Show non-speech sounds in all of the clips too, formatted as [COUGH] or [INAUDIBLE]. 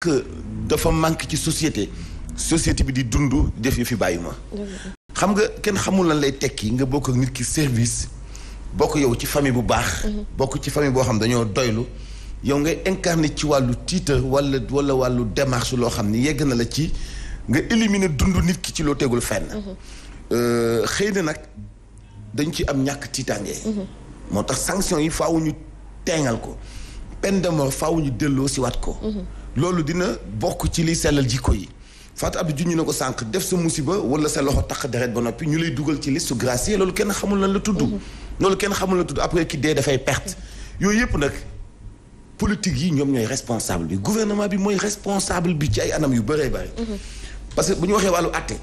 que dafa manque ci société société bi di dundu def fi bàyyi ma xam nga kenn xamul lan lay tekki nga bokk nit ki service bokk yow ci famille bu baax mhm. bokk ci famille boo xam dañoo doylu yow ngay incarné ci wàllu titre wala wala wàllu démarche loo xam ni yegg na la ci nga éliminer dund nit ki ci loo tegul fenn mhm. euh, xëy na nag dañ ci am ñàkk tiitaange mhm. moo tax sanction yi fawuñu ñu ko peine de ñu delloo si waat ko loolu dina bokk ci li selal jikko yi fat Abdou junj nako sank def sa musiba wala sa loxo taq deret ba nopi ñu lay dugal ci liste gracier loolu kenn xamul lan la tuddu loolu kenn xamul la tuddu après ki da fay perte. yooyu yëpp nag politique yi ñom ñoy responsable bi gouvernement bi moy responsable bi ci ay anam yu bëree bëri. parce que buñu waxé walu atté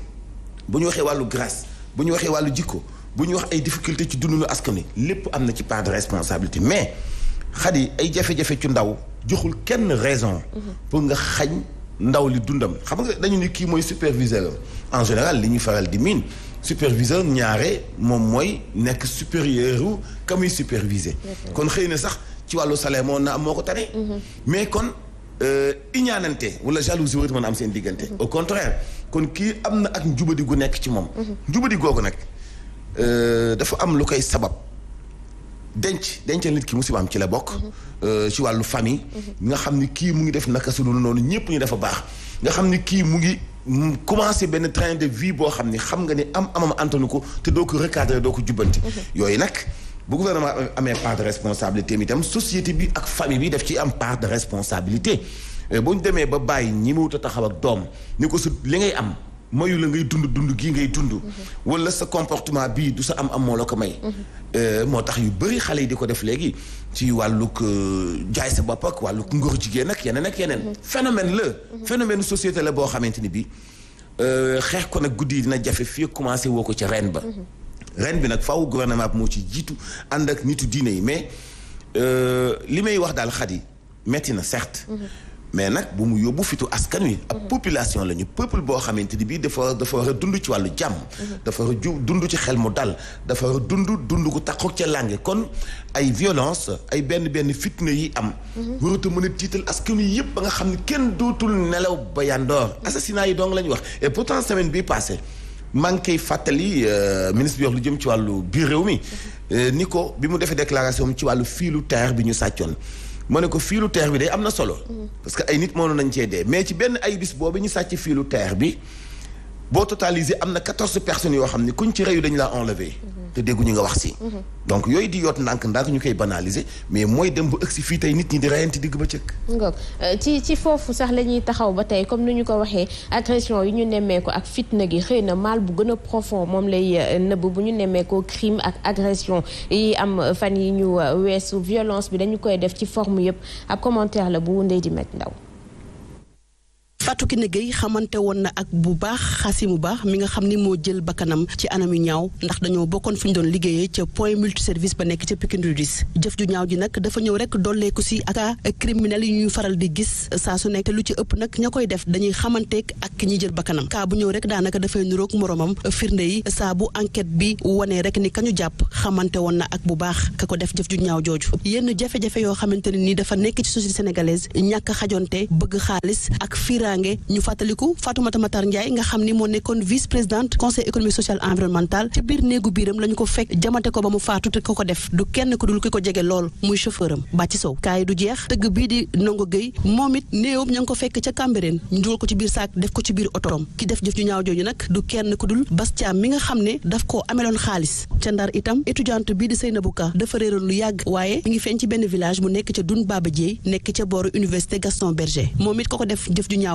buñu waxé walu grâce buñu waxé walu wàllu jikko bu wax ay difficulté ci dundu askan lepp amna ci part de responsabilité mais xadi ay jafé jafé ci ndaw joxul kenn raison. pour nga xagn ndaw li dundam xam nga dañu ni ki moy superviseur en général liñu faral di mine superviseur ñaaré mom moy nek supérieur ou comme muy kon xeyna sax ci walu salaire mo na moo ko tane. Mhm. mais kon euh, iñaanante wala jalousie warut man am sen diggante. Mhm. au contraire kon ki amna ak njubadi gu nek ci mom mhm. njubadi nak euh dafa am lu koy sabab. denc dencal nit ki musibaam ci la bokk. Euh, ci wàllu famille. nga xam ni kii mu ngi def naka su dul noonu ñëpp ñu dafa baax. nga xam ni kii mu ngi commencé benn train de vie boo xam ni xam nga ni am amam antanu ko te doo ko recadré doo ko jubbanti. yooyu nag bu gouvernement amee part de responsabilité mi tam société bi ak famille bi daf ci am part de responsabilité. Euh, bu ñu demee ba bàyyi ñi mu a taxaw ak doom ni ko su li ngay am. mayu la ngay dund dund gii ngay dund. Mhm. wala sa comportement bii du sa am am moo la ko may. Mhm. Euh, moo tax yu bëri xale yi di ko def léegi ci wàllug euh, jaay sa bopp ak wàllug ngóor jigéen ak yeneen ak yeneen. Mhm. phénomène la. phénomène société la boo xamante ni bii euh, xeex ko nag guddi yi dina jafe fii commencé woo ko ci ren ba. ren bi nag faaw gouvernement bi moo ci jiitu ànd ak nitu diine yi mais li may wax daal xat metti na certes. mais nag bu mu yóbbu fitu askan wi. ab mhm. population la ñu peuple boo xamante ni bii dafa dafa war a dund ci wàllu jàmm. Mhm. dafa war a dund ci xel mu dal dafa war a dund dund gu taxaw ca lànge kon ay violence ay benn benn fitna yi am. Mhm. waratu mën a tiital askan wi yëpp ba nga xam ne kenn dootul nelaw ba yandoor. assassinat yi dong la ñu wax et pourtant semaine bii passé maa ngi fàttali euh, ministre bi wax lu jëm ci wàllu biir réew mi. Euh, ni ko bi mu defee déclaration ci wàllu fiilu terre bi ñu sàccoon. ma ne ko fiilu terre bi dey am na solo. parce que ay nit moo mënoon nañ cee dee mais ci benn ay bis boobu ñu sàcc fiilu terre bi boo totalisé am na quatorze personnes yoo xam ne kuñ ci reyu dañu laa enlever te dégguñu nga wax si. donc yooyu di yoot ndànk-ndànk ñu koy banaliser mais mooy dem ba ëgg si fii tey nit ñi di rayante digg ba euh, cëkk. ci foofu sax la ñuy taxaw ba tey comme ni ñu ko waxee agression yi ñu nemmeeku ak fitna gi xëy na mal bu gën a profond moom lay euh, nëbb bu ñu nemmeekoo crime ak agression yi am fan yi ñu euh, weesu violence bi dañu koy def ci forme yëpp ab commentaire la bu Ndeye di met Ndaw. Fatou Kiné Gueye xamante woon na ak bu baax xasi mu baax mi nga xam ni moo jël bakkanam ci anam yu ñaaw ndax dañoo bokkoon fi ñu doon liggéeyee ca point multiservice ba nekk ca Pikine Rue 10 jëf ju ñaaw ji nag dafa ñëw rek dolleeku si ak criminel yi ñuy faral di gis saa su nekk te lu ci ëpp nag ña koy def dañuy xamanteek ak ki ñi jël bakkanam kaa bu ñëw rek daanaka dafay nurook moroomam firnde yi saa bu enquête bi wanee rek ni kañu jàpp xamante woon na ak bu baax ka ko def jëf ju ñaaw jooju yenn jafe yoo xamante ne ni dafa nekk ci société sénégalaise ñàkk xajonte bëgg xaalis ak fiira naataange ñu fàttaliku Fatoumata Matar Ndiaye nga xam ni moo nekkoon vice présidente conseil économique social environnemental ci biir néegu biiram lañu ko fekk jamante ko ba mu faatu te ko ko def du kenn ku dul ki ko jege lool muy chauffeur am Bàcci Sow kaay du jeex tëgg bii di Ndongo Gueye moom it néewam ña ko fekk ca Cambérène ñu dugal ko ci biir saak def ko ci biir otorom ki def jëf ju ñaaw jooju nag du kenn ku dul Bas Thiam mi nga xam ne daf koo ameloon xaalis ca Ndar itam étudiante bii di Seynabou Ka dafa réeroon lu yàgg waaye mi ngi feeñ ci benn village mu nekk ca Dun Baba Dieye nekk ca booru ko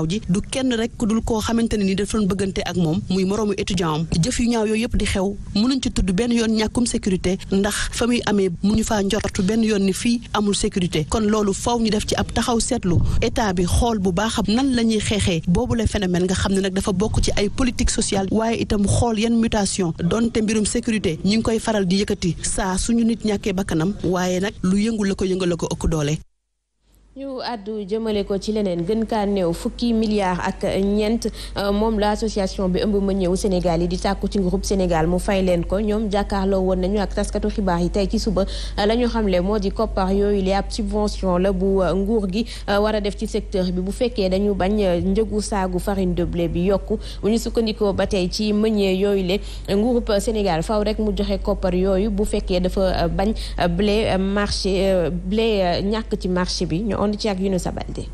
ko ji du kenn rek ku dul koo xamante ne ni daf doon bëggante ak moom muy moroomu étudiant am jëf yu ñaaw yooyu yëpp di xew mënuñ ci tudd benn yoon ñàkkum sécurité ndax fa muy amee mu ñu faa njortu benn yoon ni fii amul sécurité kon loolu faw ñu def ci ab taxaw seetlu état bi xool bu baax a nan la ñuy xeexee boobu la phénomène nga xam ne nag dafa bokk ci ay politique social waaye itam xool yan mutation donte mbirum sécurité ñu ngi koy faral di yëkkati saa suñu nit ñàkkee bakkanam waaye nag lu yëngu la ko yëngal ko ëkk doole ñu àddu jëmale ko ci leneen gën kaa néew fukki milliards ak ñeent euh, moom la association bi ëmb ma ñëw Sénégal yi di tàkku ci groupe Sénégal mu fay leen ko ñoom jàkkaarloo woon nañu ak taskatu xibaar yi tey ci suba euh, la ñu xamle moo di koppar yooyu li ab subvention la bu euh, nguur gi war a def ci secteur bi bu fekkee dañu bañ njëgu saagu farine de blé bi yokk bu ñu sukkandikoo ba tey ci meññee yooyu le groupe Sénégal faw rek mu joxe koppar yooyu bu fekkee dafa bañ blé marché blé ñàkk ci marché bi ànd ci ak Younousa Baldé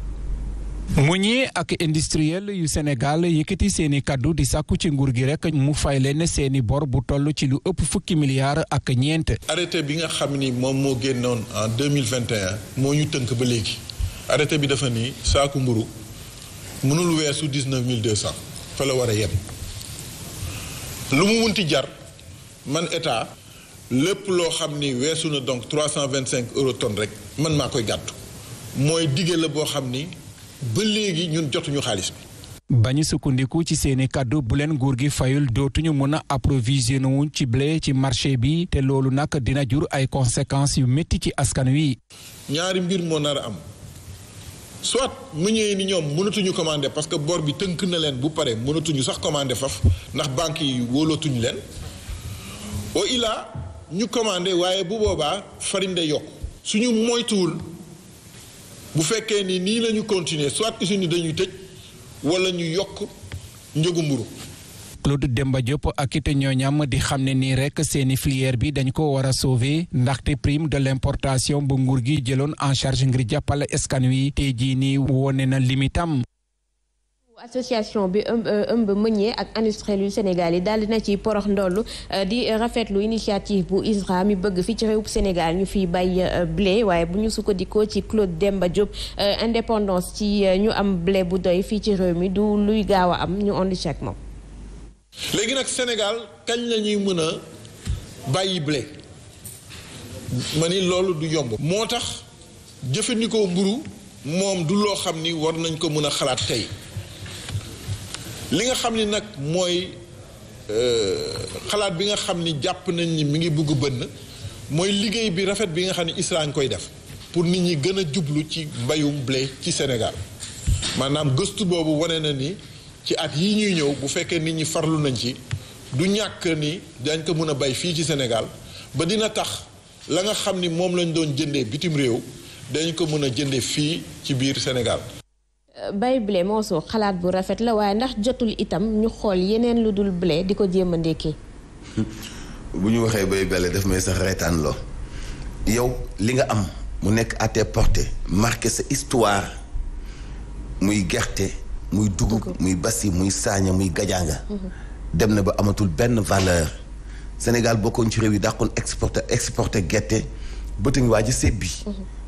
Meunier ak industriel yu Sénégal yëkkati seeni kàddu di sàkku ci nguur gi rek mu fay leen seeni bor bu toll ci lu ëpp fukki milliards ak ñeent. arrêté bi nga xam ni moom moo génnoon en mille vingt et moo ñu tënk ba léegi arrêté bi dafa nii saaku mburu mënul weesu dix neuf mille deux cent fa war a yem lu mu wunti jar man état lépp loo xam ni weesu na donc trois cent vingt cinq euro tonne rek man maa koy gàttu. mooy dige la boo xam ni ba léegi ñun jotuñu xaalis bi. bañu sukkandiku ci seeni kàddu bu leen nguur gi fayul dootuñu mën a approvisionné wu ci blé ci marché bi te loolu nag dina jur ay conséquences yu métti ci askan wi. ñaari mbir moo nar a am soit mu ñëwee ni ñoom mënatuñu commandé parce que bor bi tënk na leen bu pare mënatuñu sax commandé faf ndax banque yi wóolootuñu leen au ila ñu commandé waaye bu boobaa farine day yokk suñu moytuwul. bu fekkee ni nii lañu ñu continuer soit usines yi dañuy tëj wala ñu yokk njëgu mburu Claude Demba Diop ak it ñoo ñam di xam ne nii rek seeni filière bi dañ ko war a sauver ndaxte prime de l' importation bu nguur gi jëloon en charge ngir jàppale askan wi tey jii nii wone na limitam association bi ëmb euh, ëmb meunier ak industriel yu Sénégal yi daal dina ci porox ndollu euh, di rafetlu initiative bu ISRA mi bëgg fi ci réewum Sénégal ñu fi bay euh, blé waaye bu ñu sukkandikoo ci Claude Demba Diop indépendance ci ñu am blé bu doy fi ci réew mi du luy gaaw am ñu ondi chèque moom. légui nak Sénégal kañ lañuy mëna mën blé ma ni loolu du yomb. moo tax jëfandikoo mburu moom du loo xam ni war nañ ko mën a xalaat tey. li nga xam ni nag mooy euh, xalaat bi nga xam ni jàpp nañ ni mu ngi bugg bënn mooy liggéey bi rafet bi nga xam ni ISRA ngi koy def pour nit ñi gën a jublu ci mbayum blé ci senegal maanaam gëstu boobu wane na ni ci at yi ñuy ñëw bu fekkee nit ñi farlu nañ ci du ñàkk ni dañ ko mën a bay fii ci senegal ba dina tax la nga xam ni moom lañ doon jëndee bitim réew dañ ko mën a jëndee fii ci biir Sénégal bay moo soo xalaat bu rafet la waaye ndax jotul itam ñu xool yeneen lu dul blé di ko jéem a ndékkee [LAUGHS] bu ñu waxee bay blé daf may sax reetaan yow li nga am mu nekk à tes portées sa histoire muy gerte muy dugub muy basi muy saaña muy gajaanga mhm. dem na ba amatul benn valeur Sénégal bokkoon ci réew yi dàqoon exporté exporté gerte bëtuñ waa ji sébbi mhm.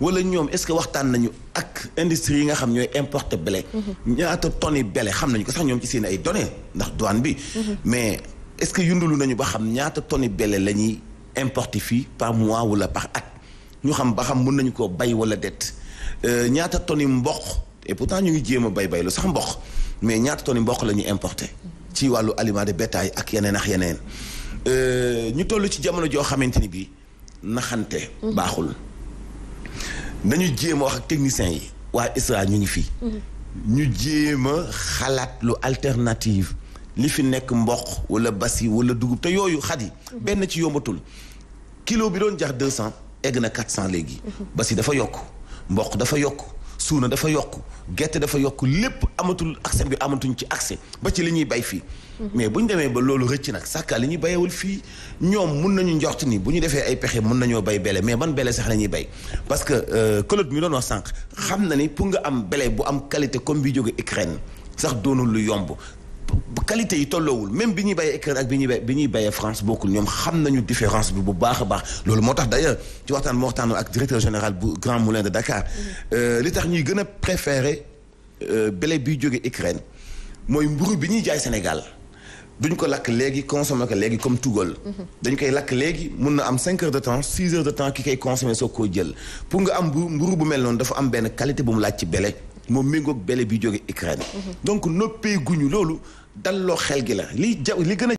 wala ñoom est-ce que waxtaan nañu ak industrie yi nga xam ñooy importer blé. Mhm. ñaata tonnes blé xam nañu ko sax ñoom ci seen ay données ndax douane bi. Mhm. mais est-ce que yundulu nañu ba xam ñaata tonnes blé lañuy importer fii par mois wala par at ñu xam ba xam mën nañu koo bay wala det euh, ñaata tonnes yi mboq et pourtant ñu ngi jéem a bay bay lu sax mboq mais ñaata tonnes yi mboq la ñuy importer. ci wàllu aliment de bétail ak yeneen ak yeneen. Euh, ñu toll ci jamono joo xamante ni bii naxante. Mhm. baaxul. nañu jéem a wax ak techniciens yi waa ISRA ñu ngi fii mm-hmm. ñu jéem a xalaat lu alternative li fi nekk mboq wala basi wala dugub te yooyu xat mm-hmm. benn ci yombatul kilo bi doon jar deux cent egg na quatre cent léegi mm-hmm. basi dafa yokk mboq dafa yokk suuna dafa yokk gerte dafa yokk lépp amatul accès bi amatuñ ci accès ba ci li ñuy bay fii mais bu ñu demee ba loolu rëcc nag sàkkaa li ñuy bayewul fii ñoom mun nañu njort ni bu ñu defee ay pexe mun nañoo bay bele mais man bele sax la ñuy bay parce que euh, Claude mi doon wax sànq xam na ni pour nga am bele bu am qualité comme bi jóge Ukraine sax doonul lu yomb qualité yi tolloowul même bi baye béyee ak bi baye bi baye France bokul ñom xam nañu différence bi bu baaxa baax loolu motax d'ailleurs ci waxtan mo waxtaan ak directeur général bu Grand Moulin de Dakar mm-hmm. euh li tax ñuy gëna préférer euh blé biy jóge Ukraine moy mburu bi ñuy jaay Sénégal duñ ko lak légui consommer ko légui comme tougol mm-hmm. dañ koy lak légui mën na am 5 heures de temps 6 heures de temps ki kay consommer soo koo jël pour nga am mburu bu mel non dafa am ben qualité bu mu laaj ci blé moom méngoog bele bi jóge Ukraine mhm. donc noppee guñu loolu dalloo xel gi la li gën a